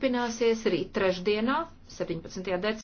turpināsies rīt trešdienā, 17. decembrī.